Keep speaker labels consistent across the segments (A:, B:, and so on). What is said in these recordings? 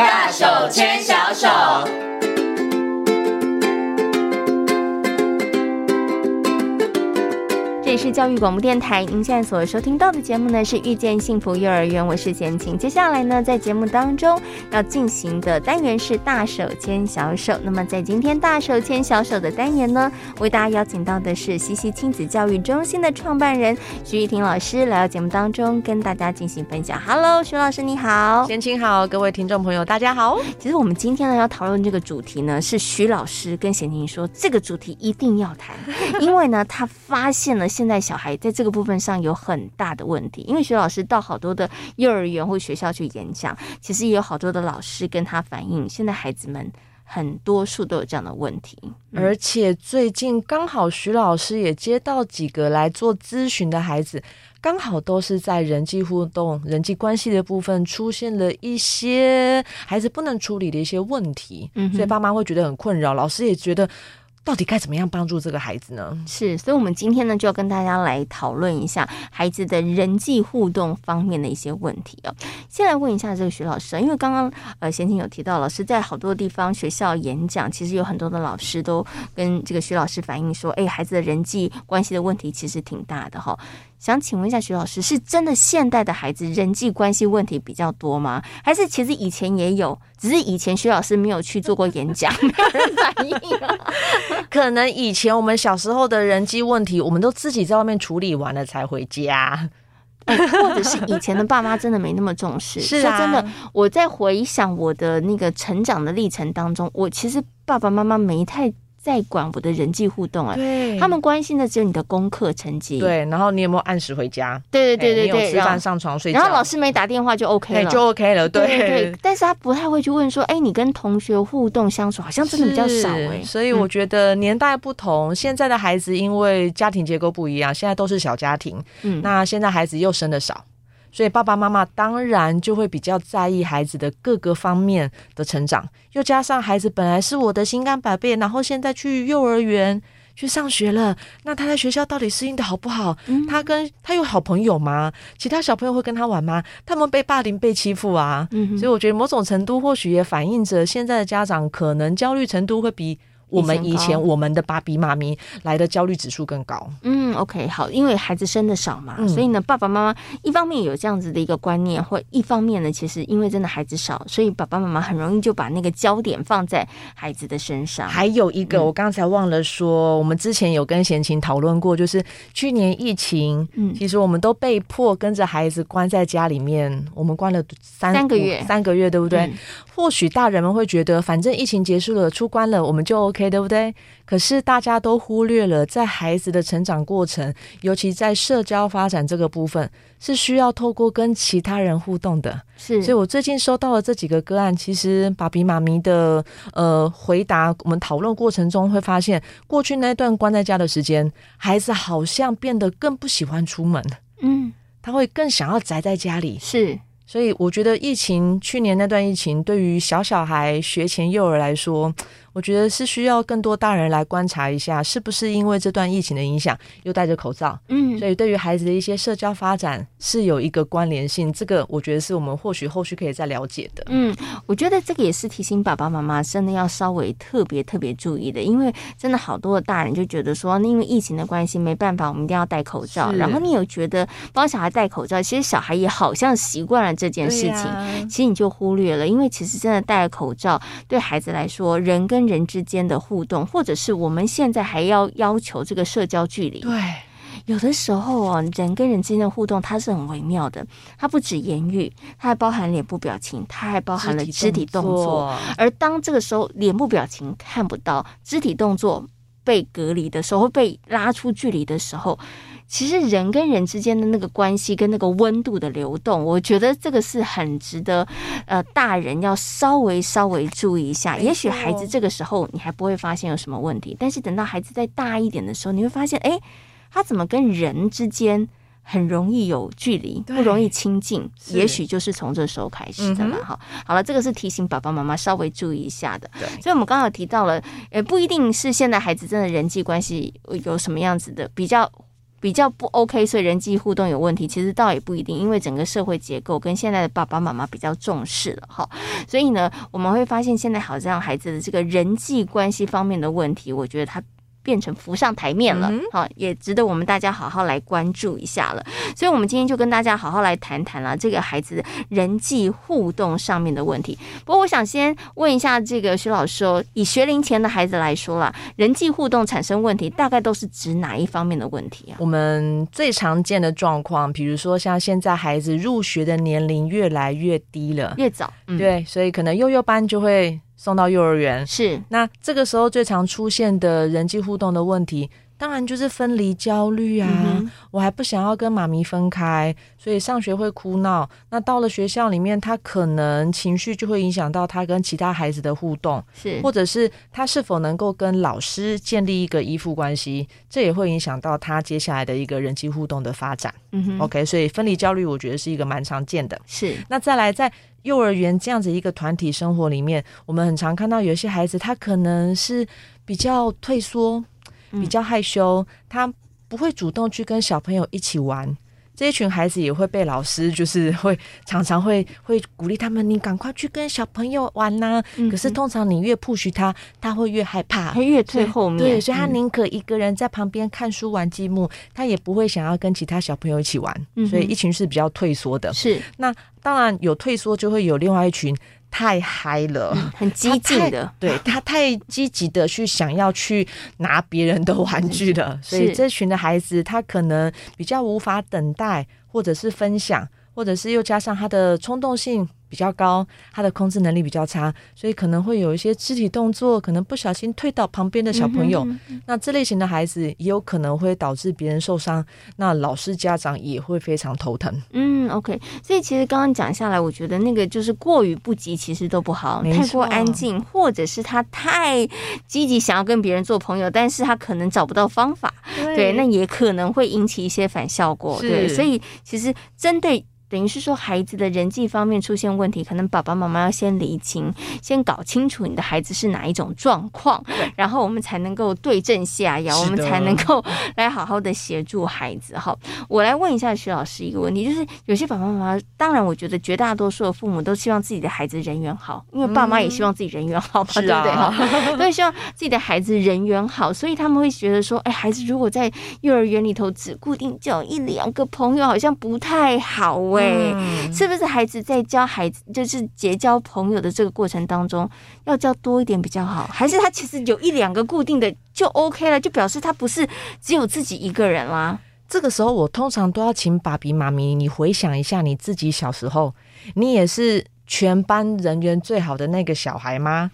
A: 大手牽小手。這裡是教育廣播電臺，您現在所收聽到的節目呢是《遇見幸福幼兒園》，我是賢琴。接下來呢，在節目當中要進行的單元是“大手牽小手”。那麼，在今天“大手牽小手”的單元呢，為大家邀請到的是惜習親子教育中心的創辦人徐瑜亭老師，來到節目當中跟大家進行分享。Hello，徐老師，你好！賢琴
B: 好，各位聽眾朋友，大家好。其實我們今天呢要
A: 討論這個主題呢，是徐老師跟賢琴說這個主題一定要談，因為呢，他發現了。 現在小孩在這個部分上有很大的問題，因為徐老師到好多的幼兒園或學校去演講，其實也有好多的老師跟他反映，現在孩子們很多數都有這樣的問題，
B: 而且最近剛好徐老師也接到幾個來做諮詢的孩子，剛好都是在人際互動、人際關係的部分出現了一些孩子不能處理的一些問題，嗯哼，所以爸媽會覺得很困擾，老師也覺得。到底該怎麼樣幫助這個孩子呢？是，
A: 所以，我們今天呢，就要跟大家來討論一下孩子的人際互動方面的一些問題哦。先來問一下這個徐老師，因為剛剛呃，賢青有提到，老師在好多地方學校演講，其實有很多的老師都跟這個徐老師反映說，哎，孩子的人際關係的問題其實挺大的哈、哦。想請問一下徐老師，是真的現代的孩子人際關係問題比較多嗎？還是其實以前也有，只是以前徐老師沒有去
B: 做過演講，沒有人反應啊 可能以前我們小時候的人際問題，我們都自己在外面處理完了才回家。 哎，或者是以前的爸
A: 媽真的沒那麼重視。是啊，真的，我在回想我的那個成長的歷程當中，我其實爸爸媽媽沒太。在管我的人際互動啊，對他們關心的
B: 只有你的功課成績。對，然後你有沒有按時回家？對對對對對，欸、有吃飯然後上床睡覺。然後老
A: 師沒打電話就 OK 了，欸、就 OK 了。對，對對，但是他不太會去問說，哎、欸，你跟同學互動相處好像真的比較少哎、欸。所以我
B: 覺得年代不同，嗯、現在的孩子因為家庭結構不一樣，現在都是小家庭。嗯，那現在孩子又生得少。所以爸爸媽媽當然就會比較在意孩子的各個方面的成長，又加上孩子本來是我的心肝寶貝，然後現在去幼兒園去上學了，那他在學校到底適應的好不好？嗯哼。他跟他有好朋友嗎？其他小朋友會跟他玩嗎？他們被霸凌、被欺負啊。嗯哼。所以我覺得某種程度或許也反映着現在的家長可能焦慮程度會比。我們以前我們的爸比媽咪來的焦慮指數更高。嗯，OK，好，因為孩子生的少嘛，嗯、所以呢，爸爸媽媽一方面有這樣子的一個
A: 觀念，或一方面呢，其實因為真的孩子少，所以爸爸媽媽很容易就把那個焦點放
B: 在孩子的身上。還有一個，嗯、我剛才忘了說，我們之前有跟賢琴討論過，就是去年疫情，嗯，其實我們都被迫跟着孩子關在家裡面，我們關了三三個月，三個月對不對？嗯、或許大人們會覺得，反正疫情結束了，出關了，我們就、OK。Okay, 對不對？可是大家都忽略了，在孩子的成長過程，尤其在社交發展這個部分，是需要透過跟其他人互動的。是，所以我最近收到了這幾個個案，其實爸比媽咪的呃回答，我們討論過程中會發現，過去那段關在家的時間，孩子好像變得更不喜歡出門。嗯，他會更想要宅在家裡。是，所以我覺得疫情去年那段疫情，對於小小孩學前幼兒來說。我覺得是需要更多大人來觀察一下，是不是因為這段疫情的影響又戴着口罩，嗯，所以對於孩子的一些社交發展是有一個關聯性。這個我覺得是我們或許後續可以再了解的。嗯，我覺得這個也是提醒爸爸媽媽真
A: 的要稍微特別特別注意的，因為真的好多的大人就覺得說，因為疫情的關係，沒辦法，我們一定要戴口罩。是然後你有覺得幫小孩戴口罩，其實小孩也好像習慣了這件事情，啊、其實你就忽略了，因為其實真的戴了口罩對孩子來說，人跟跟人之間的互動，或者是我們現在還要要求這個社交距離。對，有的時候啊、哦，人跟人之間的互動它是很微妙的，它不止言語，它還包含臉部表情，它還包含了肢體動作。動作，而當這個時候，臉部表情看不到，肢體動作被隔離的時候，被拉出距離的時候。其實人跟人之間的那個關係跟那個溫度的流動，我覺得這個是很值得呃大人要稍微稍微注意一下。哦、也許孩子這個時候你還不會發現有什麼問題，但是等到孩子再大一點的時候，你會發現，誒，他怎麼跟人之間很容易有距離，對不容易親近？是也許就是從這時候開始的嘛。嗯、哼好，好了，這個是提醒爸爸媽媽稍微注意一下的。對所以我們剛好提到了，呃，不一定是現在孩子真的人際關係有什麼樣子的比較。比較不 OK，所以人際互動有問題。其實倒也不一定，因為整個社會結構跟現在的爸爸媽媽比較重視了哈，所以呢，我們會發現現在好像孩子的這個人際關係方面的問題，我覺得他。變成浮上檯面了，好、嗯，也值得我們大家好好來關注一下了。所以，我們今天就跟大家好好來談談了這個孩子人際互動上面的問題。不過，我想先問一下這個徐老師哦、喔，以學齡前的孩子來說啦，人際互動產生問題，大概都是指哪一方
B: 面的問題啊？我們最常見的狀況，比如說像現在孩子入學的年齡越來越低了，越早，嗯、對，所以可能幼幼班就會。送到幼兒園是。那這個時候最常出現的人際互動的問題，當然就是分離焦慮啊，嗯哼，我還不想要跟媽咪分開，所以上學會哭鬧。那到了學校裡面，他可能情緒就會影響到他跟其他孩子的互動，是，或者是他是否能夠跟老師建立一個依附關係，這也會影響到他接下來的一個人際互動的發展。嗯哼，OK，所以分離焦慮我覺得是一個蠻常見的。是，那再來再。幼兒園這樣子一個團體生活裡面，我們很常看到有些孩子，他可能是比較退縮、比較害羞，嗯、他不會主動去跟小朋友一起玩。這一群孩子也會被老師，就是會常常會會鼓勵他們，你趕快去跟小朋友玩吶、啊。嗯、哼可是通常你越 push 他，他會越害怕，他越退後面。對，所以他寧可一個人在旁邊看書、玩積木，嗯、他也不會想要跟其他小朋友一起玩。嗯、哼所以一群是比較退縮的。是，那當然有退縮，就會有另外一群。太嗨了，嗯、很激進的，對，他太積極的去想要去拿別人的玩具了，嗯、所以這群的孩子，他可能比較無法等待，或者是分享，或者是又加上他的衝動性。比較高，他的控制能力比較差，所以可能會有一些肢體動作，可能不小心推到旁邊的小朋友。嗯哼嗯哼，那這類型的孩子也有可能會導致別人受傷，那老師家長也會非常頭疼。嗯，OK。所以其
A: 實剛剛講下來，我覺得那個就是過於不及，其實都不好。沒錯。太過安靜，或者是他太積極想要跟別人做朋友，但是他可能找不到方法。對，對，那也可能會引起一些反效果。是。對，所以其實針對。等於是說，孩子的人際方面出現問題，可能爸爸媽媽要先理清，先搞清楚你的孩子是哪一種狀況，對然後我們才能夠對症下藥，的我們才能夠來好好的協助孩子。哈，我來問一下徐老師一個問題，就是有些爸爸媽媽，當然我覺得絕大多數的父母都希望自己的孩子人緣好，因為爸媽也希望自己人緣好，是、嗯、對不對？哈，以、啊、 希望自己的孩子人緣好，所以他們會覺得說，哎，孩子如果在幼兒園裡頭只固定交一兩個朋友，好像不太好哎、欸。對，是不是孩子在教孩子，就是結交朋友的這個過程當中，要交多一點比較好？還是他其實有一兩個固定的就 OK 了，就表示他不是只有自己
B: 一個人啦？這個時候我通常都要請爸比媽咪，你回想一下你自己小時候，你也是全班人緣最好的那個小孩嗎？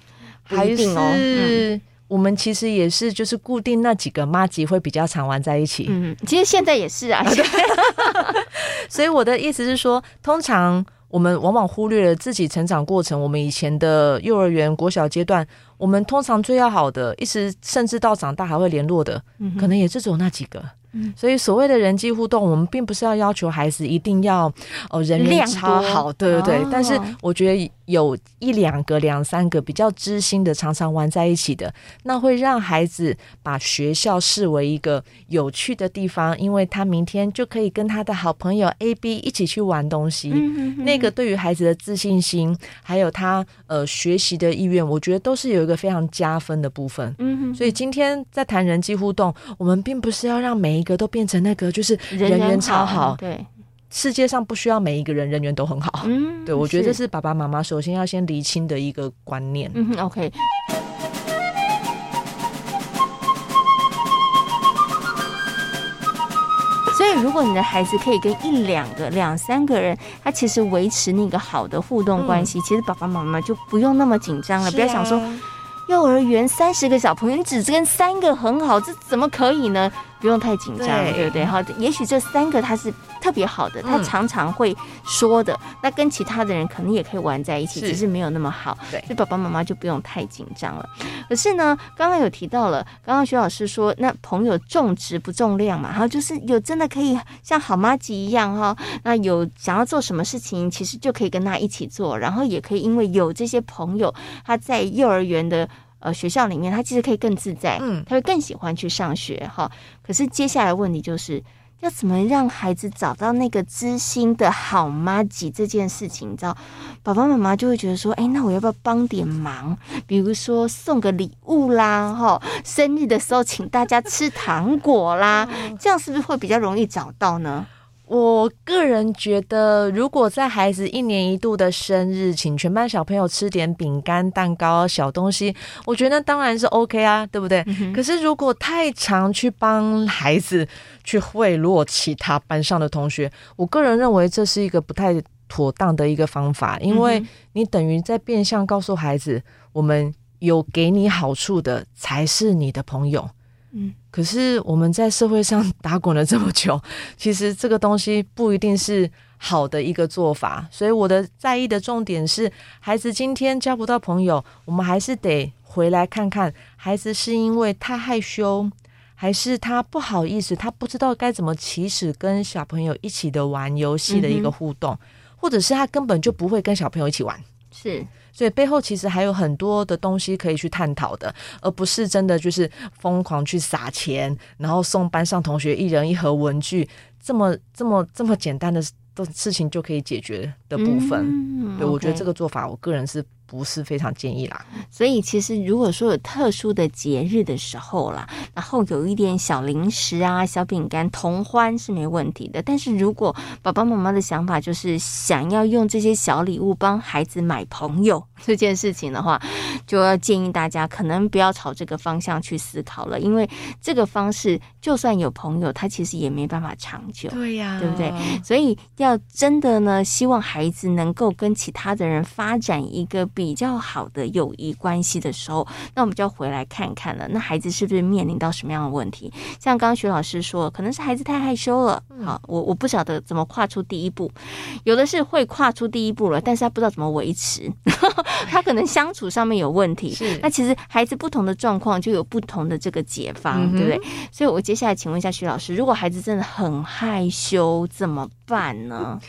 B: 不一定、哦、嗯。我們其實也是，就是固定那幾個麻吉會比較常玩在一起。嗯，其實現在也是啊。啊，對。 所以我的意思是說，通常我們往往忽略了自己成長過程，我們以前的幼兒園、國小階段，我們通常最要好的，一直甚至到長大還會聯絡的，嗯、哼可能也是只有那幾個。嗯，所以所謂的人際互動，我們並不是要要求孩子一定要哦、呃、人緣超好，多對對對。哦、但是我覺得有一兩個、兩三個比較知心的，常常玩在一起的，那會讓孩子把學校視為一個有趣的地方，因為他明天就可以跟他的好朋友 A、B 一起去玩東西。嗯哼那個對於孩子的自信心，還有他呃學習的意願，我覺得都是有一個非常加分的部分。嗯哼。所以今天在談人際互動，我們並不是要讓每一。個都變成那個，就是人緣超好，人好。對，世界上不需要每一個人人緣都很好。嗯，對是我覺得這是爸爸媽媽首先要先釐清的一個觀念。嗯，OK。
A: 所以，如果你的孩子可以跟一兩個、兩三個人，他其實維持那個好的互動關係，嗯、其實爸爸媽媽就不用那麼緊張了。啊、不要想說幼兒園三十個小朋友，你只跟三個很好，這怎麼可以呢？不用太緊張，對，對不對？哈，也許這三個他是特別好的，嗯、他常常會說的。那跟其他的人可能也可以玩在一起，只是其實沒有那麼好。對，所以爸爸媽媽就不用太緊張了。可是呢，剛剛有提到了，剛剛徐老師說，那朋友重質不重量嘛，哈，就是有真的可以像好麻吉一樣哈，那有想要做什麼事情，其實就可以跟他一起做，然後也可以因為有這些朋友，他在幼兒園的、呃，學校裡面他其實可以更自在，嗯，他會更喜歡去上學哈。可是接下來問題就是要怎麼讓孩子找到那個知心的好麻吉這件事情，你知道，爸爸媽媽就會覺得說，哎、欸，那我要不要幫點忙？比如說送個禮物啦，哈，生日的時候請大家吃糖果啦，
B: 這樣是不是會比較容易找到呢？我個人覺得，如果在孩子一年一度的生日，請全班小朋友吃點餅乾、蛋糕、小東西，我覺得當然是 OK 啊，對不對？嗯、哼可是如果太常去幫孩子去賄賂其他班上的同學，我個人認為這是一個不太妥當的一個方法，因為你等於在變相告訴孩子，我們有給你好處的才是你的朋友，嗯。可是我們在社會上打滾了這麼久，其實這個東西不一定是好的一個做法。所以我的在意的重點是，孩子今天交不到朋友，我們還是得回來看看，孩子是因為他害羞，還是他不好意思，他不知道該怎麼起始跟小朋友一起的玩遊戲的一個互動，嗯、哼或者是他根本就不會跟小朋友一起玩。是，所以背後其實還有很多的東西可以去探討的，而不是真的就是瘋狂去撒錢，然後送班上同學一人一盒文具，這麼這麼這麼簡單的事情就可以解決的部分。嗯，對，我覺得這個做法，我個人是。不是非常建議啦，所以其實
A: 如果說有特殊的節日的時候啦，然後有一點小零食啊、小餅乾同歡是沒問題的。但是如果爸爸媽媽的想法就是想要用這些小禮物幫孩子買朋友這件事情的話，就要建議大家可能不要朝這個方向去思考了，因為這個方式就算有朋友，他其實也沒辦法長久。對呀、啊，對不對？所以要真的呢，希望孩子能夠跟其他的人發展一個。比較好的友誼關係的時候，那我們就要回來看看了。那孩子是不是面臨到什麼樣的問題？像剛剛徐老師說，可能是孩子太害羞了。好、啊，我我不曉得怎麼跨出第一步。有的是會跨出第一步了，但是他不知道怎麼維持。 他可能相處上面有問題。是那其實孩子不同的狀況就有不同的這個解方，嗯、哼對不對？所以我接下來請問一下徐老師，
B: 如果孩子真的很害羞，怎麼辦呢？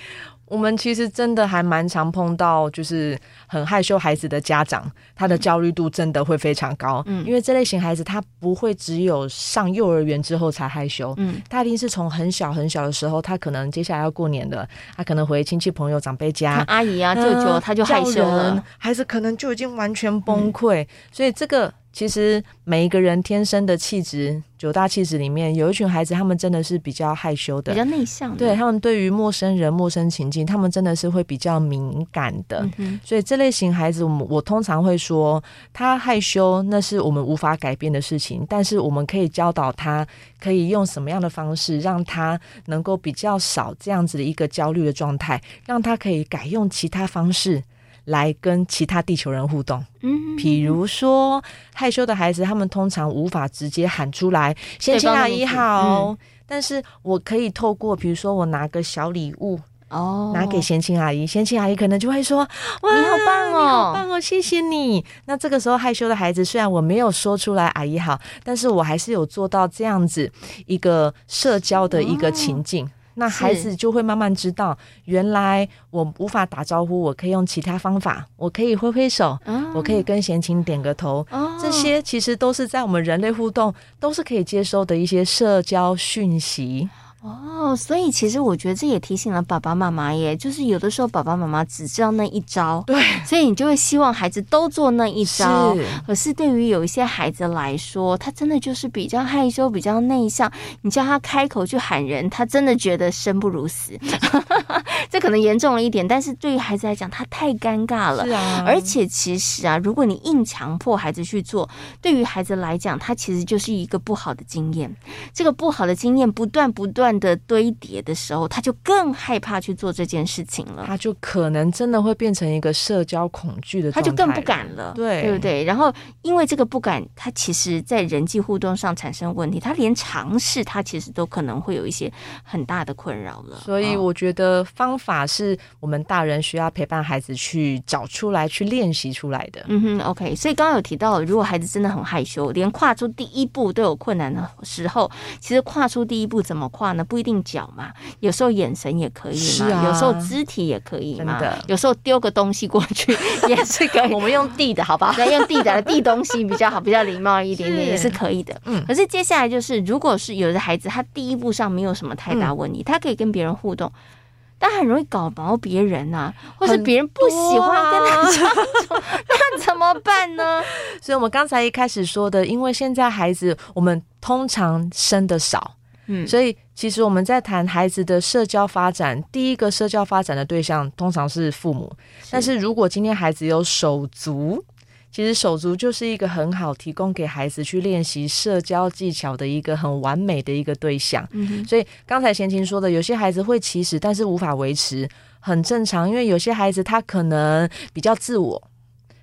B: 我們其實真的還蠻常碰到，就是很害羞孩子的家長，他的焦慮度真的會非常高。嗯，因為這類型孩子他不會只有上幼兒園之後才害羞，嗯，他一定是從很小很小的時候，他可能接下來要過年的，他可能回親戚朋友長輩家，阿姨啊、舅舅、呃，人他就害羞了，孩子可能就已經完全崩潰，嗯、所以這個。其實每一個人天生的氣質，九大氣質裡面有一群孩子，他們真的是比較害羞的，比較內向的。對，他們對於陌生人、陌生情境，他們真的是會比較敏感的。嗯哼。所以這類型孩子我，我們我通常會說，他害羞，那是我們無法改變的事情，但是我們可以教導他，可以用什麼樣的方式，讓他能夠比較少這樣子的一個焦慮的狀態，讓他可以改用其他方式。來跟其他地球人互動，嗯、哼哼，比如說害羞的孩子，他們通常無法直接喊出來“賢吧親阿姨好”，嗯、但是我可以透過，比如說我拿個小禮物哦，拿給賢親阿姨，賢親阿姨可能就會說：“哇你好棒哦，你好棒哦，謝謝你。”那這個時候害羞的孩子雖然我沒有說出來“阿姨好”，但是我還是有做到這樣子一個社交的一個情境。哦那孩子就會慢慢知道，是原來我無法打招呼，我可以用其他方法，我可以揮揮手，哦、我可以跟閒情點個頭，哦、這些其實都是在我們人際互動，都是可以接收的一些社交訊息。哦，oh, 所以其實我覺得這也提醒了爸爸媽媽耶，就是有的時候爸爸
A: 媽媽只知道那一招，對，所以你就會希望孩子都做那一招。可是，是對於有一些孩子來說，他真的就是比較害羞、比較內向，你叫他開口去喊人，他真的覺得生不如死。 這可能嚴重了一點，但是對於孩子來講，他太尷尬了。是啊，而且其實啊，如果你硬強迫孩子去做，對於孩子來講，他其實就是一個不好的經驗。這個不好的經驗不斷不斷的堆疊的時候，他就更害怕去做這件事情了。
B: 他就可能真的會變成一個社交恐懼的狀，他就更不敢了，對對不對？
A: 然後因為這個不敢，他其實在人際互動上產生問題，他連嘗試他其實都可
B: 能會有一些很大的困擾了。所以我覺得方。方法是我們大人需要陪伴孩子去找出來、去練習出來的。嗯哼、mm hmm,，OK。所以剛剛有提到，如
A: 果孩子真的很害羞，連跨出第一步都有困難的時候，其實跨出第一步怎麼跨呢？不一定腳嘛，有時候眼神也可以、啊、有時候肢體也可以嘛，的有時候丟個東西過去 也是可以。我們用遞的好不好？那 用遞的遞東西比較好，比較禮貌一點點也是可以的。嗯。可是接下來就是，如果是有的孩子，他第一步上沒有什麼太大問題，嗯、他可以跟別人互動。但很容易搞毛別人吶、
B: 啊，或是別人不喜歡跟他相處，多啊、 那怎麼辦呢？所以我們剛才一開始說的，因為現在孩子我們通常生的少，嗯，所以其實我們在談孩子的社交發展，第一個社交發展的對象通常是父母。是，但是如果今天孩子有手足，其實手足就是一個很好提供給孩子去練習社交技巧的一個很完美的一個對象。嗯哼。所以剛才賢琴說的，有些孩子會起始，但是無法維持，很正常。因為有些孩子他可能比較自我，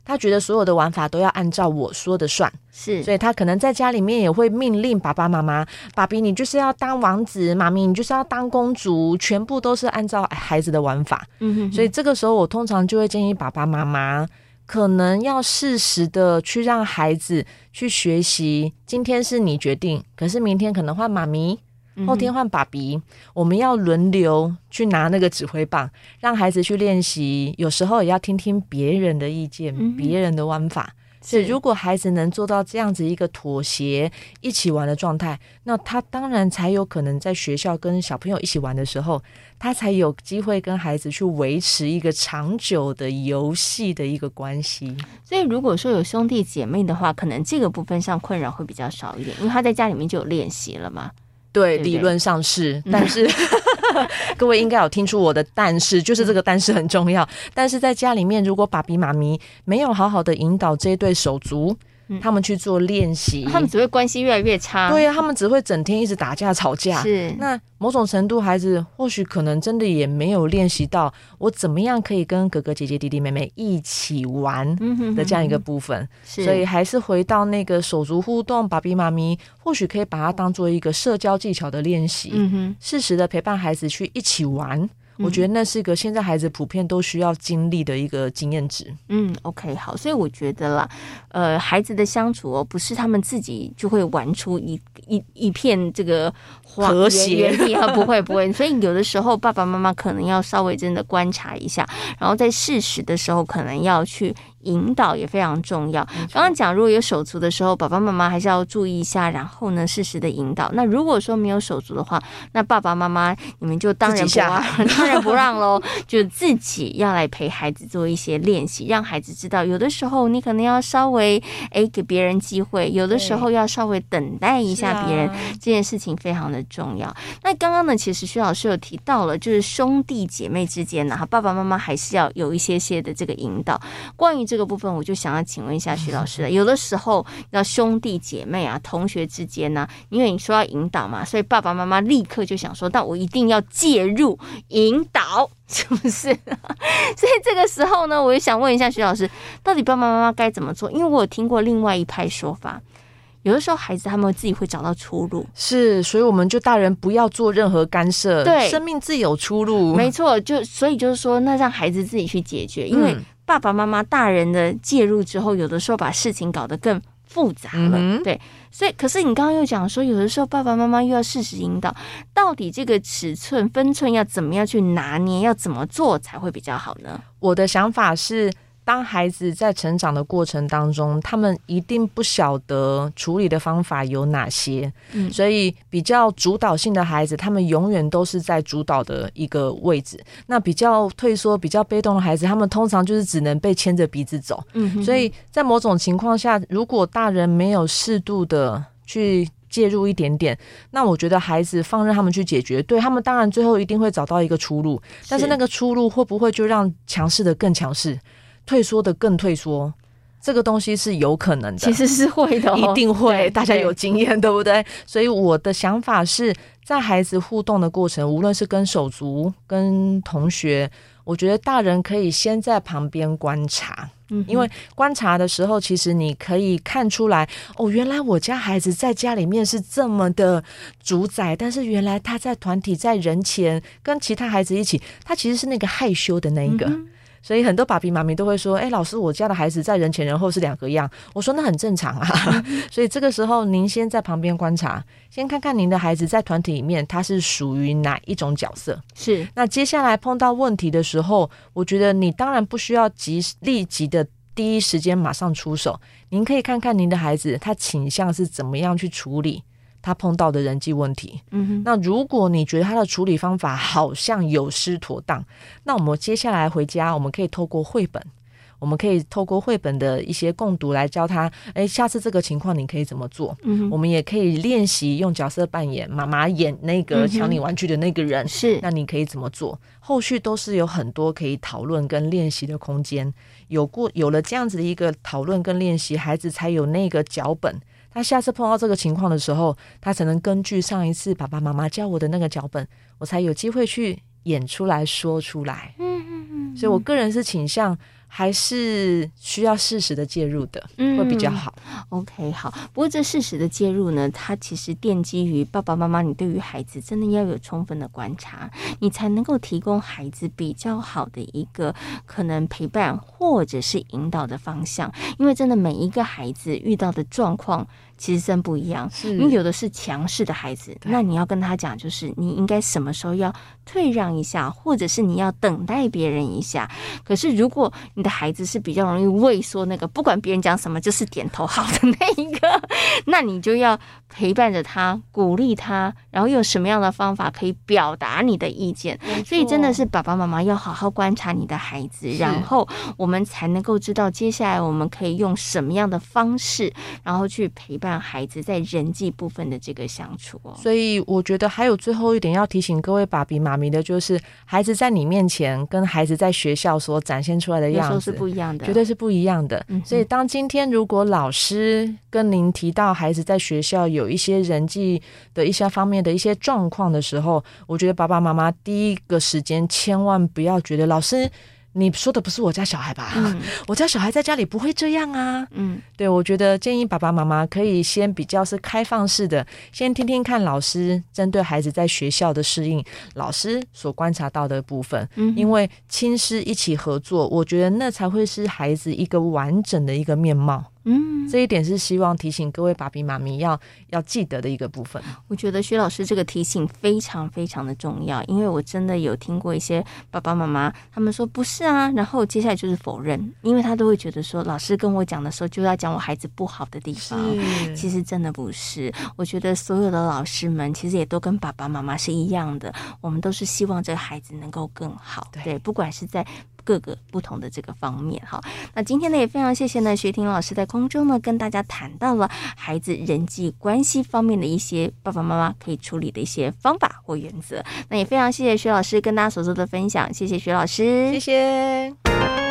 B: 他覺得所有的玩法都要按照我說的算，是。所以他可能在家裡面也會命令爸爸媽媽：“爸比，你就是要當王子；媽咪，你就是要當公主。”全部都是按照孩子的玩法。嗯哼哼。所以這個時候，我通常就會建議爸爸媽媽。可能要適時的去讓孩子去學習。今天是你決定，可是明天可能換媽咪，後天換爸比，嗯哼。我們要輪流去拿那個指揮棒，讓孩子去練習。有時候也要聽聽別人的意見，嗯、哼別人的玩法。是，如果孩子能做到這樣子一個妥協、一起玩的狀態，那他當然才有可能在學校跟小朋友一起玩的時候，他才有機會跟孩子去維持一個長久的遊戲的一個關係。所以，如果說有兄弟姐妹的話，
A: 可能這個部分上困擾會比較少一點，因為他在家裡面就有練習了嘛。對，對不對？理論
B: 上是，但是。 各位應該有聽出我的，但是就是這個但是很重要。但是在家裡面，如果爸比媽咪沒有好好的引導這一對手足，他們去做練習，他們只會關係越來越差。對呀、啊，他們只會整天一直打架吵架。是，那某種程度，孩子或許可能真的也沒有練習到我怎麼樣可以跟哥哥姐姐弟弟妹妹一起玩的這樣一個部分。嗯、哼哼哼。是。所以還是回到那個手足互動，爸比媽咪或許可以把它當做一個社交技巧的練習。適、嗯哼、時的陪伴孩子去一起玩。我覺得那是一個現在孩子普遍都需要經歷的一個經驗值。嗯，OK，好，所以我覺得啦，呃，孩子的
A: 相處哦，不是他們自己就會玩出一一一片這個和諧，不會不會。所以有的時候爸爸媽媽可能要稍微真的觀察一下，然後在適時的時候可能要去。引導也非常重要。剛剛講，如果有手足的時候，爸爸媽媽還是要注意一下，然後呢，適時的引導。那如果說沒有手足的話，那爸爸媽媽你們就當仁不讓，啊、當仁不讓嘍，就自己要來陪孩子做一些練習， 讓孩子知道，有的時候你可能要稍微，欸，給別人機會，有的時候要稍微等待一下別人。對這件事情非常的重要。啊、那剛剛呢，其實徐老師有提到了，就是兄弟姐妹之間呢，哈，爸爸媽媽還是要有一些些的這個引導。關於這個這個部分我就想要請問一下徐老師了。有的時候，那兄弟姐妹啊、同學之間呢、啊，因為你說要引導嘛，所以爸爸媽媽立刻就想說：“但我一定要介入引導，是不是？”所以這個時候呢，我也想問一下徐老師，到底爸爸媽媽該怎麼做？因為我有聽過另外一派說法，有的時候孩子他們自己會找到出路。是，所以我們就大人不
B: 要做任何干涉，對，生命自有出路。沒
A: 錯，就所以就是說，那讓孩子自己去解決，因為，嗯爸爸媽媽大人的介入之後，有的時候把事情搞得更複雜了，嗯、對。所以，可是你剛剛又講說，有的時候爸爸媽媽又要適時引導，到底這個尺寸分寸要怎麼樣去拿捏，要怎麼做才會比較好呢？
B: 我的想法是。當孩子在成長的過程當中，他們一定不曉得處理的方法有哪些，嗯、所以比較主導性的孩子，他們永遠都是在主導的一個位置。那比較退縮、比較被動的孩子，他們通常就是只能被牽着鼻子走。嗯、哼哼，所以在某種情況下，如果大人沒有適度的去介入一點點，那我覺得孩子放任他們去解決，對他們當然最後一定會找到一個出路，是但是那個出路會不會就讓強勢的更強勢？退縮的更退縮，這個東西是有可能的，其實是會的哦，一定會。大家有經驗，對不對？所以我的想法是，在孩子互動的過程，無論是跟手足、跟同學，我覺得大人可以先在旁邊觀察，嗯哼，因為觀察的時候，其實你可以看出來，哦，原來我家孩子在家裡面是這麼的主宰，但是原來他在團體、在人前跟其他孩子一起，他其實是那個害羞的那一個。嗯所以很多爸比媽咪都會說：“哎，老師，我家的孩子在人前人後是兩個樣。”我說那很正常啊。 所以這個時候，您先在旁邊觀察，先看看您的孩子在團體裡面他是屬於哪一種角色。是。那接下來碰到問題的時候，我覺得你當然不需要急，立即的第一時間馬上出手。您可以看看您的孩子他傾向是怎麼樣去處理。他碰到的人際問題，嗯、哼那如果你覺得他的處理方法好像有失妥當，那我們接下來回家，我們可以透過繪本，我們可以透過繪本的一些共讀來教他，誒，下次這個情況你可以怎麼做？嗯、哼我們也可以練習用角色扮演，媽媽演那個搶你玩具的那個人，是、嗯哼，那你可以怎麼做？是後續都是有很多可以討論跟練習的空間，有過有了這樣子的一個討論跟練習，孩子才有那個腳本。他下次碰到這個情況的時候，他才能根據上一次爸爸媽媽教我的那個腳本，我才有機會去演出來說出來。嗯嗯嗯，所以我個人是傾向。還是需要適時的介入的，會比較好。嗯、
A: OK，好。不過這適時的介入呢，它其實奠基於爸爸媽媽，你對於孩子真的要有充分的觀察，你才能夠提供孩子比較好的一個可能陪伴或者是引導的方向。因為真的每一個孩子遇到的狀況。其實真不一樣，你有的是強勢的孩子，那你要跟他講，就是你應該什麼時候要退讓一下，或者是你要等待別人一下。可是如果你的孩子是比較容易畏縮，那個不管別人講什麼就是點頭好的那一個，那你就要陪伴着他，鼓勵他，然後用什麼樣的方法可以表達你的意見。沒錯。所以真的是爸爸媽媽要好好觀察你的孩子，是。然後我們才能夠知道接下來我們可以用什麼樣的方式，然後去陪。讓孩子在人際部分的這個相處哦，所
B: 以我覺得還有最後一點要提醒各位爸比媽咪的，就是孩子在你面前跟孩子在學校所展現出來的樣子是不一樣的，絕對是不一樣的。所以當今天如果老師跟您提到孩子在學校有一些人際的一些方面的一些狀況的時候，我覺得爸爸媽媽第一個時間千萬不要覺得老師。你說的不是我家小孩吧？嗯、我家小孩在家裡不會這樣啊。嗯，對，我覺得建議爸爸媽媽可以先比較是開放式的，先聽聽看老師針對孩子在學校的適應，老師所觀察到的部分。嗯哼，因為親師一起合作，我覺得那才會是孩子一個完整的一個面貌。嗯，這一點是希望提醒各位爸比媽咪要要記得的一個部分。我覺得徐老師這個提醒非
A: 常非常的重要，因為我真的有聽過一些爸爸媽媽，他們說不是啊，然後接下來就是否認，因為他都會覺得說，老師跟我講的時候就要講我孩子不好的地方，是其實真的不是。我覺得所有的老師們其實也都跟爸爸媽媽是一樣的，我們都是希望這個孩子能夠更好，對，對，不管是在。各個不同的這個方面好。那今天呢也非常謝謝呢，瑜亭老師在空中呢跟大家談到了孩子人際關係方面的一些爸爸媽媽可以處理的一些方法或原則。那也非常謝謝徐老師跟大家所做的分享，謝謝徐老師，謝謝。